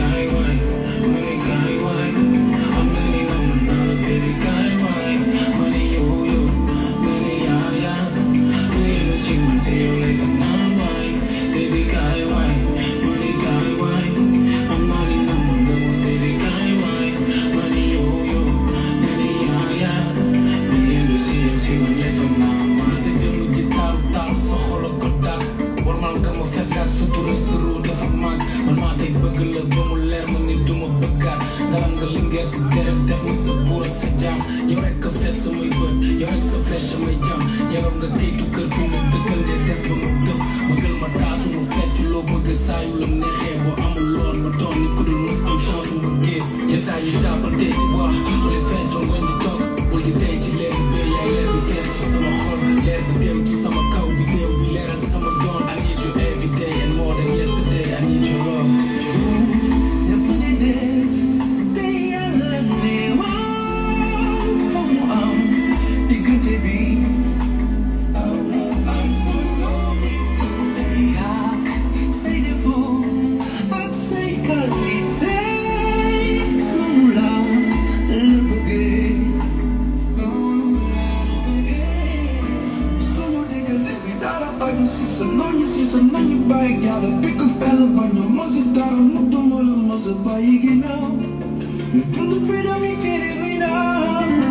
dying one. yaakaar ngaram nga lingeer si deret def ma sa buur ak sa jaam yow rek a fees samay bët yow rek sa fees samay jaam yaram nga kayitu kër fi ma dëkkal dee des ba ma dëkk bëggal ma taasu ma fecc loo bëgg saa yu la neexee boo amul lool ma doon ni ku dul mës am chance ma géer yenn saa yu jàppante si baigada Pico pela banho, mas e tara Muito mole, mas a baigina Me tudo feira, me tira e me dá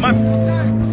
My...